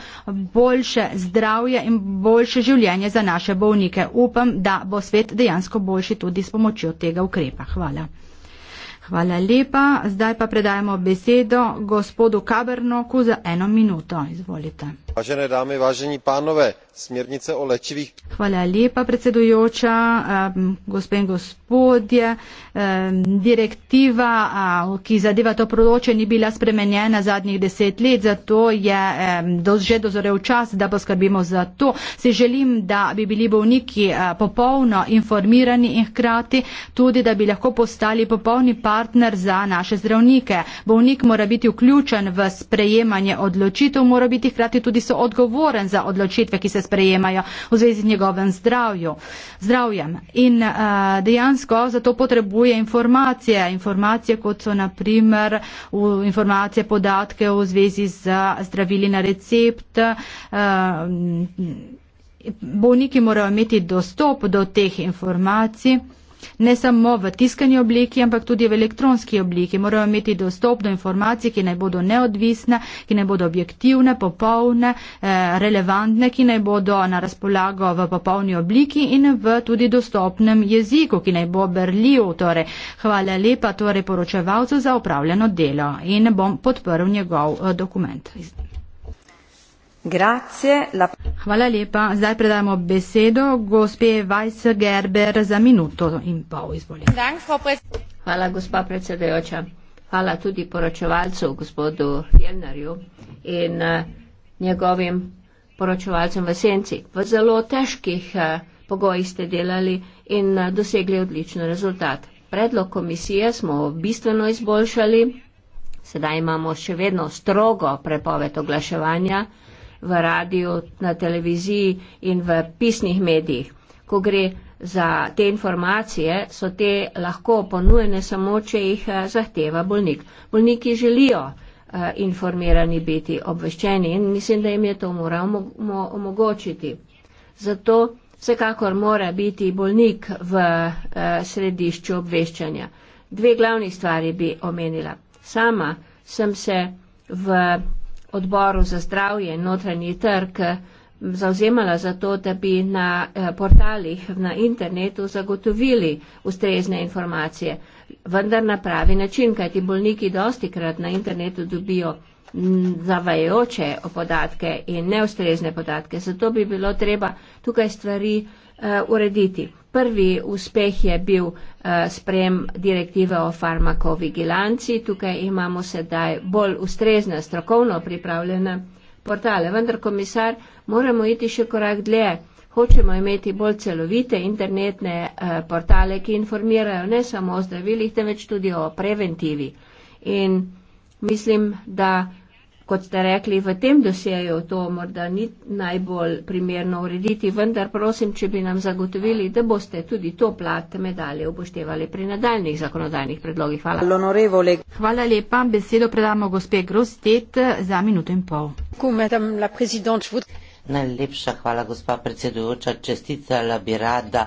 boljše zdravje in boljše življenje za naše bolnike. Upam, da bo svet dejansko boljši tudi s pomočjo tega ukrepa. Hvala. Hvala lepa. Zdaj pa predajamo besedo gospodu Kabernoku za eno minuto. Izvolite. Važene dame, važeni panove, smernice o lečivih. Hvala lepa, predsedujoča, gospe in gospodje. Direktiva, ki zadeva to proroče, ni bila spremenjena zadnjih deset let, zato je že dozorev čas, da poskrbimo za to. Se želim, da bi bili bovniki popolno informirani in hkrati tudi, da bi lahko postali popolni partneri partner za naše zdravnike. Bolnik mora biti vključen v sprejemanje odločitev, mora biti hkrati tudi soodgovoren za odločitve, ki se sprejemajo v zvezi z njegovim zdravjem. In uh, dejansko za to potrebuje informacije, informacije kot so naprimer v, informacije podatke v zvezi z zdravili na recept. Uh, Bolniki morajo imeti dostop do teh informacij ne samo v tiskani obliki, ampak tudi v elektronski obliki. Morajo imeti dostop do informacij, ki naj bodo neodvisne, ki naj bodo objektivne, popolne, eh, relevantne, ki naj bodo na razpolago v popolni obliki in v tudi dostopnem jeziku, ki naj bo berljiv. Torej, hvala lepa torej poročevalcu za upravljeno delo in bom podprl njegov eh, dokument. Grazie, la... Hvala lepa. Zdaj predajamo besedo gospe Vajs Gerber za minuto in pol. Izvoli. Hvala, gospa predsedajoča. Hvala tudi poročevalcu, gospodu Jelnerju in uh, njegovim poročevalcem v senci. V zelo težkih uh, pogojih ste delali in uh, dosegli odlično rezultat. Predlog komisije smo bistveno izboljšali. Sedaj imamo še vedno strogo prepoved oglaševanja v radiju, na televiziji in v pisnih medijih. Ko gre za te informacije, so te lahko ponujene samo, če jih eh, zahteva bolnik. Bolniki želijo eh, informirani biti obveščeni in mislim, da jim je to moral omogočiti. Zato vsekakor mora biti bolnik v eh, središču obveščanja. Dve glavni stvari bi omenila. Sama sem se v odboru za zdravje in notranji trg eh, zauzemala za to, da bi na eh, portalih na internetu zagotovili ustrezne informacije, vendar na pravi način, kajti bolniki dosti krat na internetu dobijo zavajajoče podatke in neustrezne podatke. Zato bi bilo treba tukaj stvari uh, urediti. Prvi uspeh je bil eh, sprem direktive o farmakovigilanci. Tukaj imamo sedaj bolj ustrezne, strokovno pripravljene portale. Vendar, komisar, moramo iti še korak dlje. Hočemo imeti bolj celovite internetne eh, portale, ki informirajo ne samo o zdravilih, temveč tudi o preventivi. In mislim, da kot ste rekli, v tem dosjeju to morda ni najbolj primerno urediti, vendar prosim, če bi nam zagotovili, da boste tudi to plat medalje upoštevali pri nadaljnih zakonodajnih predlogih. Hvala. Hvala lepa. Besedo predamo gospe Grostet za minuto in pol. Hvala, Najlepša hvala, gospa predsedujoča. Čestitala bi rada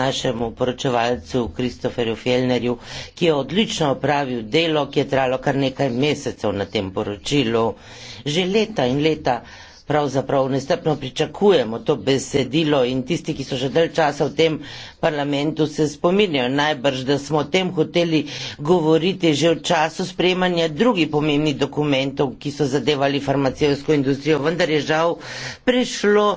našemu poročevalcu Kristoferju Fjellnerju, ki je odlično opravil delo, ki je trajalo kar nekaj mesecev na tem poročilu. Že leta in leta pravzaprav nestrpno pričakujemo to besedilo in tisti, ki so že del časa v tem parlamentu, se spominjajo najbrž, da smo o tem hoteli govoriti že v času sprejemanja drugih pomembnih dokumentov, ki so zadevali farmacijsko industrijo, vendar je žal prišlo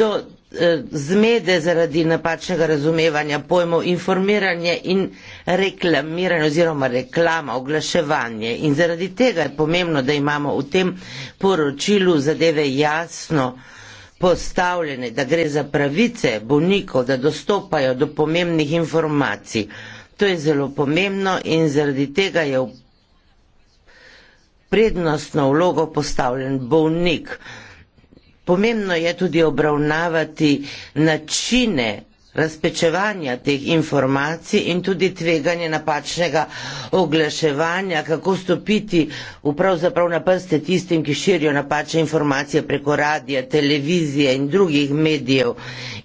do Eh, zmede zaradi napačnega razumevanja pojmov informiranje in reklamiranje oziroma reklama, oglaševanje. In zaradi tega je pomembno, da imamo v tem poročilu zadeve jasno postavljene, da gre za pravice bolnikov, da dostopajo do pomembnih informacij. To je zelo pomembno in zaradi tega je v prednostno vlogo postavljen bolnik. Pomembno je tudi obravnavati načine razpečevanja teh informacij in tudi tveganje napačnega oglaševanja, kako stopiti pravzaprav na prste tistim, ki širijo napačne informacije preko radija, televizije in drugih medijev.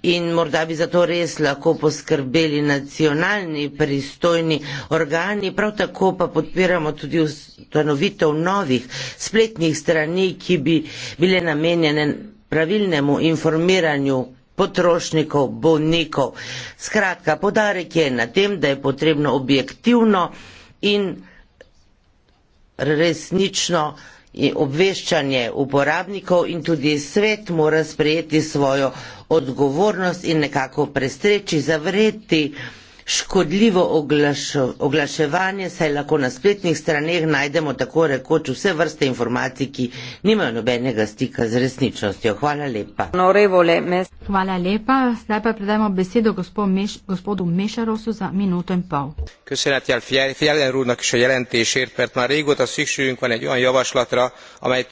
In morda bi za to res lahko poskrbeli nacionalni pristojni organi, prav tako pa podpiramo tudi ustanovitev novih spletnih strani, ki bi bile namenjene pravilnemu informiranju potrošnikov, bolnikov. Skratka, podarek je na tem, da je potrebno objektivno in resnično obveščanje uporabnikov in tudi svet mora sprejeti svojo odgovornost in nekako prestreči, zavreti škodljivo oglaševanje, saj lahko na spletnih straneh najdemo tako rekoč vse vrste informacij, ki nimajo nobenega stika z resničnostjo. Hvala lepa. Hvala lepa. Zdaj pa predajmo besedo gospodu Mešarosu za minuto in pol. Köszönet jel Fjellner úrnak is a jelentésért, mert már régóta szükségünk van egy olyan javaslatra, amely...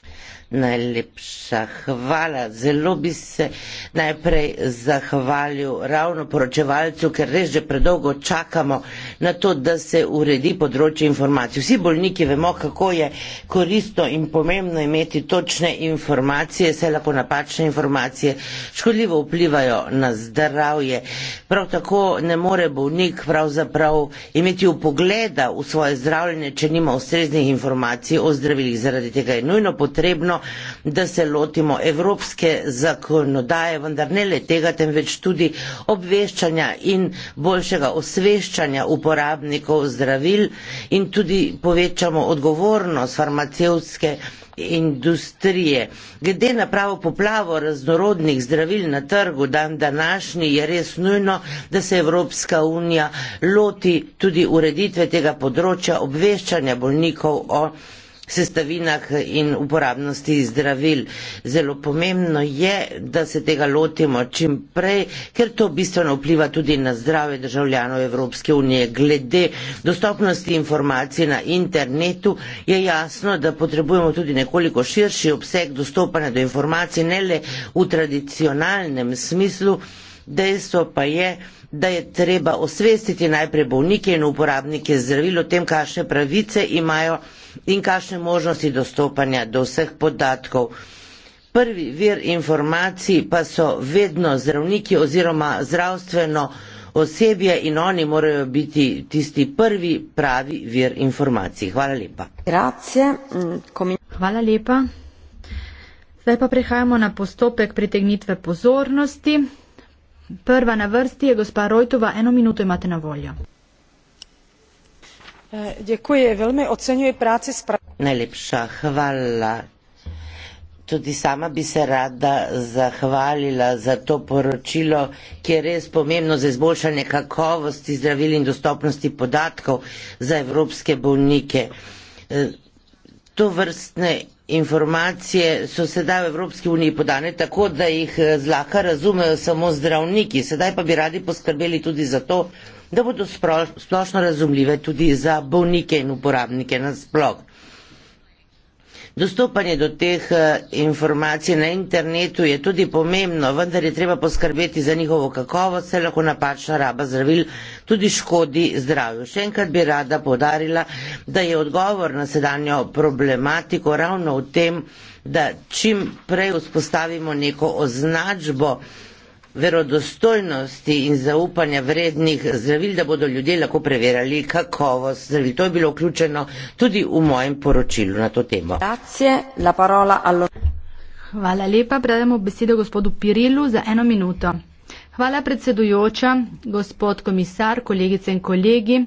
Najlepša hvala. Zelo bi se najprej zahvalil ravno poročevalcu, ker res že predolgo čakamo na to, da se uredi področje informacij. Vsi bolniki vemo, kako je koristno in pomembno imeti točne informacije, saj lahko napačne informacije škodljivo vplivajo na zdravje. Prav tako ne more bolnik pravzaprav imeti upogleda v svoje zdravljenje, če nima ustreznih informacij o zdravilih. Zaradi tega je nujno potrebno da se lotimo evropske zakonodaje, vendar ne le tega, temveč tudi obveščanja in boljšega osveščanja uporabnikov zdravil in tudi povečamo odgovornost farmacevtske industrije. Glede na pravo poplavo raznorodnih zdravil na trgu dan današnji je res nujno, da se Evropska unija loti tudi ureditve tega področja obveščanja bolnikov o sestavinah in uporabnosti zdravil. Zelo pomembno je, da se tega lotimo čim prej, ker to bistveno vpliva tudi na zdrave državljanov Evropske unije. Glede dostopnosti informacij na internetu je jasno, da potrebujemo tudi nekoliko širši obseg dostopanja do informacij, ne le v tradicionalnem smislu. Dejstvo pa je, da je treba osvestiti najprej bolnike in uporabnike zdravil o tem, kakšne pravice imajo in kakšne možnosti dostopanja do vseh podatkov. Prvi vir informacij pa so vedno zdravniki oziroma zdravstveno osebje in oni morajo biti tisti prvi pravi vir informacij. Hvala lepa. Mm, Hvala lepa. Zdaj pa prehajamo na postopek pritegnitve pozornosti. Prva na vrsti je gospa Rojtova, eno minuto imate na voljo. Eh, děkuji, velmi ocenjuje práci s Najlepša hvala. Tudi sama bi se rada zahvalila za to poročilo, ki je res pomembno za izboljšanje kakovosti zdravil in dostopnosti podatkov za evropske bolnike. Eh, to vrstne informacije so sedaj v Evropski uniji podane tako, da jih eh, zlahka razumejo samo zdravniki. Sedaj pa bi radi poskrbeli tudi za to, da bodo splošno razumljive tudi za bolnike in uporabnike nasploh. Dostopanje do teh eh, informacij na internetu je tudi pomembno, vendar je treba poskrbeti za njihovo kakovost, saj lahko napačna raba zdravil tudi škodi zdravju. Še enkrat bi rada podarila, da je odgovor na sedanjo problematiko ravno v tem, da čim prej vzpostavimo neko označbo verodostojnosti in zaupanja vrednih zdravil, da bodo ljudje lahko preverjali kakovost zdravil. To je bilo vključeno tudi v mojem poročilu na to temo. Hvala lepa. Predajmo besedo gospodu Pirilu za eno minuto. Hvala predsedujoča, gospod komisar, kolegice in kolegi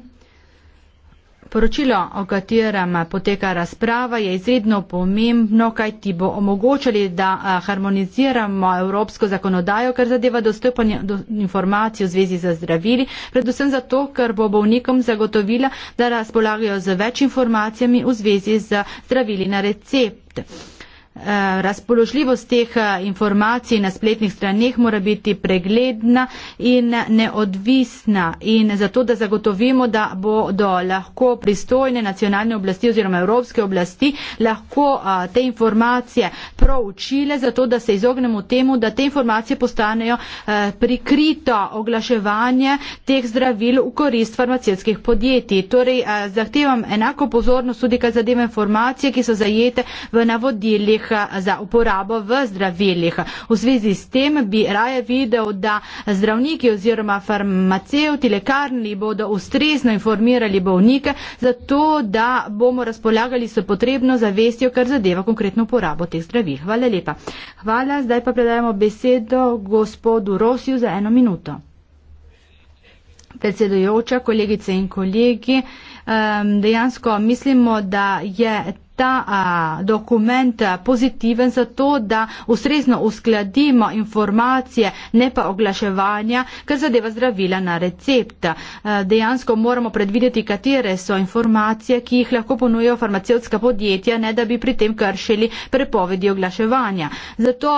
poročilo, o katerem poteka razprava, je izredno pomembno, kaj ti bo omogočali, da harmoniziramo evropsko zakonodajo, kar zadeva dostopanje do informacij v zvezi z zdravili, predvsem zato, ker bo bolnikom zagotovila, da razpolagajo z več informacijami v zvezi z zdravili na recept. Eh, razpoložljivost teh eh, informacij na spletnih straneh mora biti pregledna in neodvisna in zato, da zagotovimo, da bodo lahko pristojne nacionalne oblasti oziroma evropske oblasti lahko eh, te informacije proučile, zato da se izognemo temu, da te informacije postanejo prikrito oglaševanje teh zdravil v korist farmacijskih podjetij. Torej, zahtevam enako pozornost tudi, kar zadeva informacije, ki so zajete v navodilih zdravilih, eh, za uporabo v zdravilih. V zvezi s tem bi raje videl, da zdravniki oziroma farmacevti, lekarni bodo ustrezno informirali bolnike, zato da bomo razpolagali s potrebno zavestjo, kar zadeva konkretno uporabo teh zdravil. Hvala lepa. Hvala, zdaj pa predajamo besedo gospodu Rosiju za eno minuto. Predsedujoča, kolegice in kolegi, ehm, dejansko mislimo, da je ta a, dokument pozitiven za to, da ustrezno uskladimo informacije, ne pa oglaševanja, kar zadeva zdravila na recept. A, dejansko moramo predvideti, katere so informacije, ki jih lahko ponujejo farmacevtska podjetja, ne da bi pri tem kršili prepovedi oglaševanja. Zato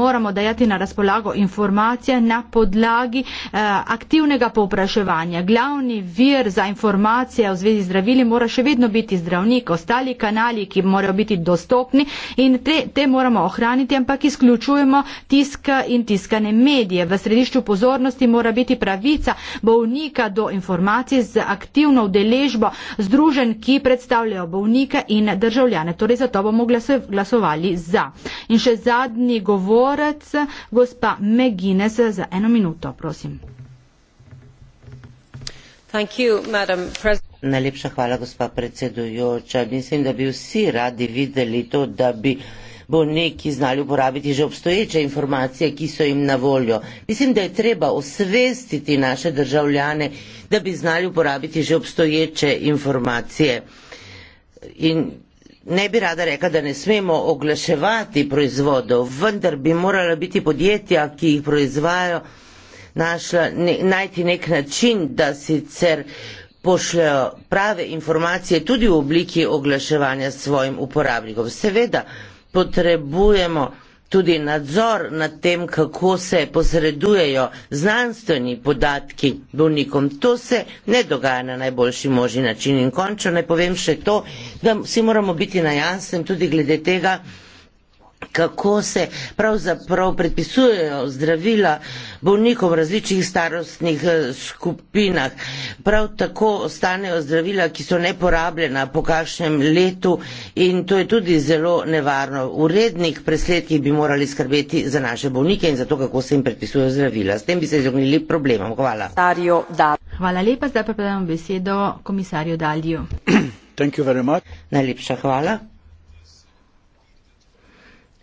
moramo dajati na razpolago informacije na podlagi a, aktivnega povpraševanja. Glavni vir za informacije v zvezi z zdravili mora še vedno biti zdravnik, ostali kanali, materiali, ki morajo biti dostopni in te, te moramo ohraniti, ampak izključujemo tiska in tiskane medije. V središču pozornosti mora biti pravica bolnika do informacij z aktivno udeležbo združen, ki predstavljajo bolnika in državljane. Torej, zato bomo glasovali za. In še zadnji govorec, gospa Megines, za eno minuto, prosim. Thank you, Madam President. Najlepša hvala, gospa predsedujoča. Mislim, da bi vsi radi videli to, da bi bolniki znali uporabiti že obstoječe informacije, ki so jim na voljo. Mislim, da je treba osvestiti naše državljane, da bi znali uporabiti že obstoječe informacije. In ne bi rada rekla, da ne smemo oglaševati proizvodov, vendar bi morala biti podjetja, ki jih proizvajajo, ne, najti nek način, da sicer pošljajo prave informacije tudi v obliki oglaševanja svojim uporabnikom. Seveda potrebujemo tudi nadzor nad tem, kako se posredujejo znanstveni podatki bolnikom. To se ne dogaja na najboljši možni način. In končno naj povem še to, da si moramo biti na jasnem tudi glede tega, kako se pravzaprav predpisujejo zdravila bolnikom v različnih starostnih eh, skupinah. Prav tako ostanejo zdravila, ki so neporabljena po kašnem letu in to je tudi zelo nevarno. V rednih presledkih bi morali skrbeti za naše bolnike in za to, kako se jim predpisujejo zdravila. S tem bi se izognili problemom. Hvala. Dario, da. Hvala lepa, zdaj pa predam besedo komisarju Dalju. Najlepša hvala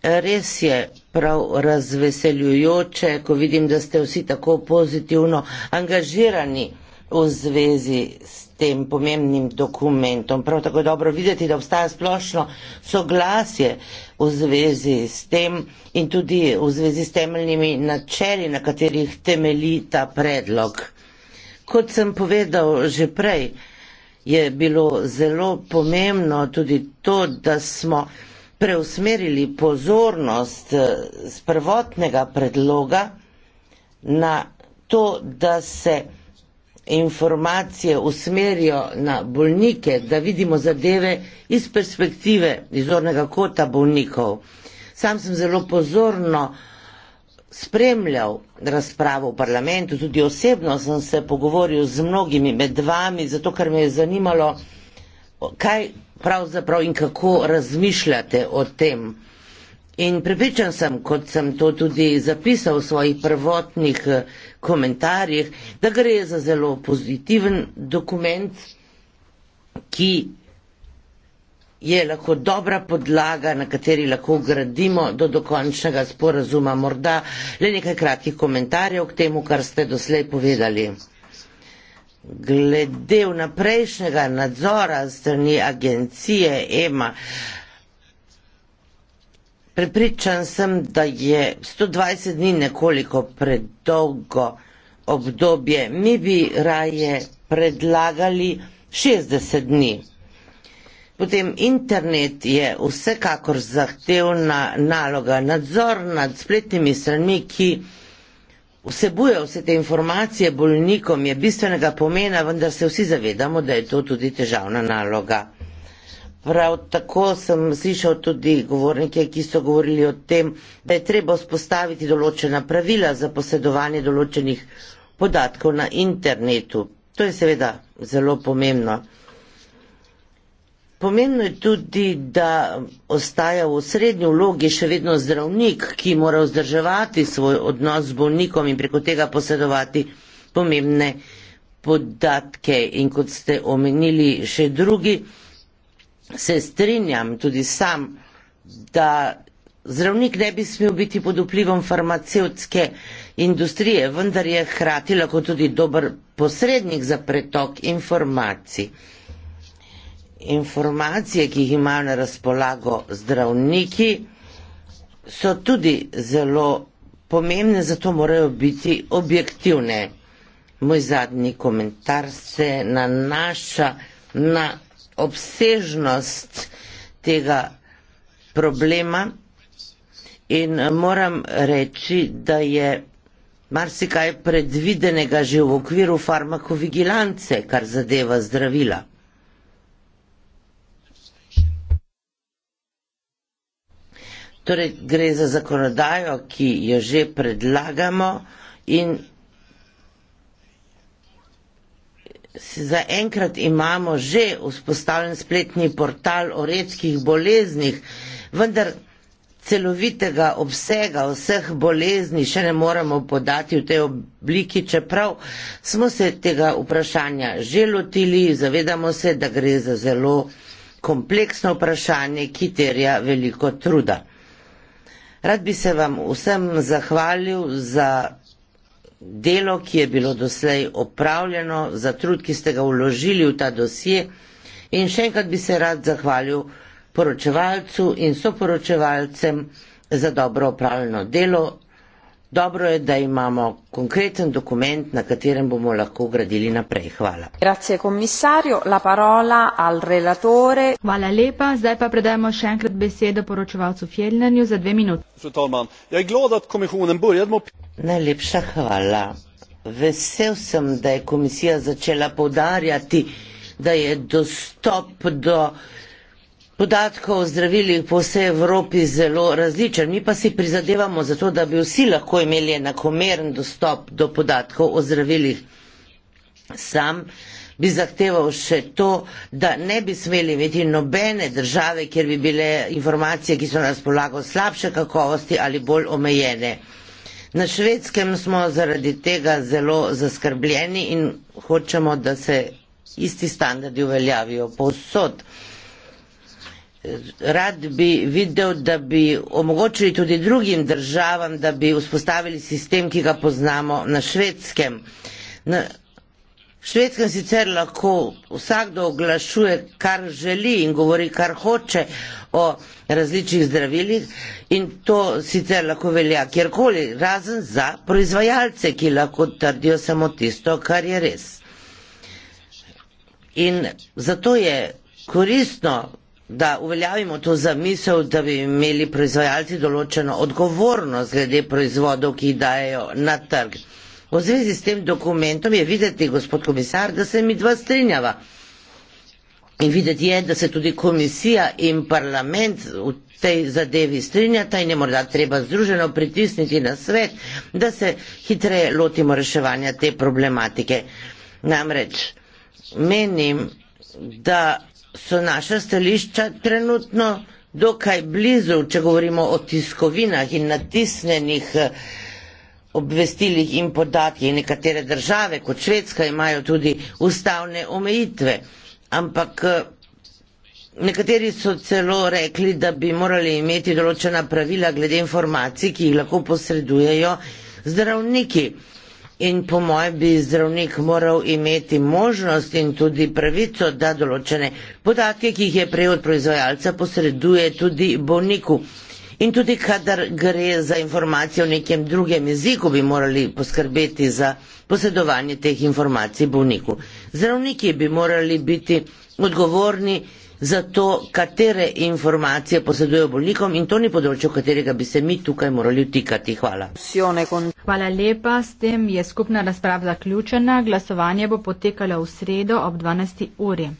res je prav razveseljujoče, ko vidim, da ste vsi tako pozitivno angažirani v zvezi s tem pomembnim dokumentom. Prav tako je dobro videti, da obstaja splošno soglasje v zvezi s tem in tudi v zvezi s temeljnimi načeli, na katerih temelji ta predlog. Kot sem povedal že prej, je bilo zelo pomembno tudi to, da smo preusmerili pozornost z eh, prvotnega predloga na to, da se informacije usmerijo na bolnike, da vidimo zadeve iz perspektive izornega kota bolnikov. Sam sem zelo pozorno spremljal razpravo v parlamentu, tudi osebno sem se pogovoril z mnogimi med vami, zato ker me je zanimalo, kaj pravzaprav in kako razmišljate o tem. In prepričan sem, kot sem to tudi zapisal v svojih prvotnih eh, komentarjih, da gre za zelo pozitiven dokument, ki je lahko dobra podlaga, na kateri lahko gradimo do dokončnega sporazuma. Morda le nekaj kratkih komentarjev k temu, kar ste doslej povedali glede vnaprejšnjega nadzora strani agencije EMA. Prepričan sem, da je 120 dni nekoliko predolgo obdobje. Mi bi raje predlagali 60 dni. Potem internet je vsekakor zahtevna naloga. Nadzor nad spletnimi stranmi, ki Vsebuje vse te informacije bolnikom je bistvenega pomena, vendar se vsi zavedamo, da je to tudi težavna naloga. Prav tako sem slišal tudi govornike, ki so govorili o tem, da je treba spostaviti določena pravila za posedovanje določenih podatkov na internetu. To je seveda zelo pomembno. Pomembno je tudi, da ostaja v srednji vlogi še vedno zdravnik, ki mora vzdrževati svoj odnos z bolnikom in preko tega posedovati pomembne podatke. In kot ste omenili še drugi, se strinjam tudi sam, da zdravnik ne bi smel biti pod vplivom farmacevtske industrije, vendar je hkrati lahko tudi dober posrednik za pretok informacij informacije, ki jih imajo na razpolago zdravniki, so tudi zelo pomembne, zato morajo biti objektivne. Moj zadnji komentar se nanaša na obsežnost tega problema in moram reči, da je marsikaj predvidenega že v okviru farmakovigilance, kar zadeva zdravila. Torej, gre za zakonodajo, ki jo že predlagamo in za enkrat imamo že vzpostavljen spletni portal o redkih boleznih, vendar celovitega obsega vseh bolezni še ne moremo podati v tej obliki, čeprav smo se tega vprašanja že lotili, zavedamo se, da gre za zelo kompleksno vprašanje, ki terja veliko truda. Rad bi se vam vsem zahvalil za delo, ki je bilo doslej opravljeno, za trud, ki ste ga vložili v ta dosje in še enkrat bi se rad zahvalil poročevalcu in soporočevalcem za dobro opravljeno delo Dobro je, da imamo konkreten dokument, na katerem bomo lahko gradili naprej. Hvala. Grazie, komisarju. La parola al relatore. Hvala lepa. Zdaj pa predajamo še enkrat besedo poročevalcu Fjellnerju za dve minuti. Er Najlepša hvala. Vesel sem, da je komisija začela povdarjati, da je dostop do podatkov o zdravilih po vsej Evropi zelo različen. Mi pa si prizadevamo za to, da bi vsi lahko imeli enakomeren dostop do podatkov o zdravilih. Sam bi zahteval še to, da ne bi smeli imeti nobene države, kjer bi bile informacije, ki so na razpolago, slabše kakovosti ali bolj omejene. Na švedskem smo zaradi tega zelo zaskrbljeni in hočemo, da se isti standardi uveljavijo povsod. Po rad bi videl, da bi omogočili tudi drugim državam, da bi vzpostavili sistem, ki ga poznamo na švedskem. Na švedskem sicer lahko vsakdo oglašuje, kar želi in govori, kar hoče o različnih zdravilih in to sicer lahko velja kjerkoli, razen za proizvajalce, ki lahko trdijo samo tisto, kar je res. In zato je koristno da uveljavimo to zamisel, da bi imeli proizvajalci določeno odgovornost glede proizvodov, ki jih dajo na trg. V zvezi s tem dokumentom je videti, gospod komisar, da se mi dva strinjava. In videti je, da se tudi komisija in parlament v tej zadevi strinjata in je morda treba združeno pritisniti na svet, da se hitreje lotimo reševanja te problematike. Namreč menim, da so naša stališča trenutno dokaj blizu, če govorimo o tiskovinah in natisnenih eh, obvestilih in podatkih. Nekatere države, kot Švedska, imajo tudi ustavne omejitve, ampak eh, nekateri so celo rekli, da bi morali imeti določena pravila glede informacij, ki jih lahko posredujejo zdravniki. In po mojem bi zdravnik moral imeti možnost in tudi pravico, da določene podatke, ki jih je prej od proizvajalca, posreduje tudi bolniku. In tudi, kadar gre za informacije v nekem drugem jeziku, bi morali poskrbeti za posedovanje teh informacij bolniku. Zdravniki bi morali biti odgovorni za to, katere informacije posedujejo bolnikom in to ni področje, v katerega bi se mi tukaj morali vtikati. Hvala. Hvala lepa. S tem je skupna razprava zaključena. Glasovanje bo potekalo v sredo ob 12. uri.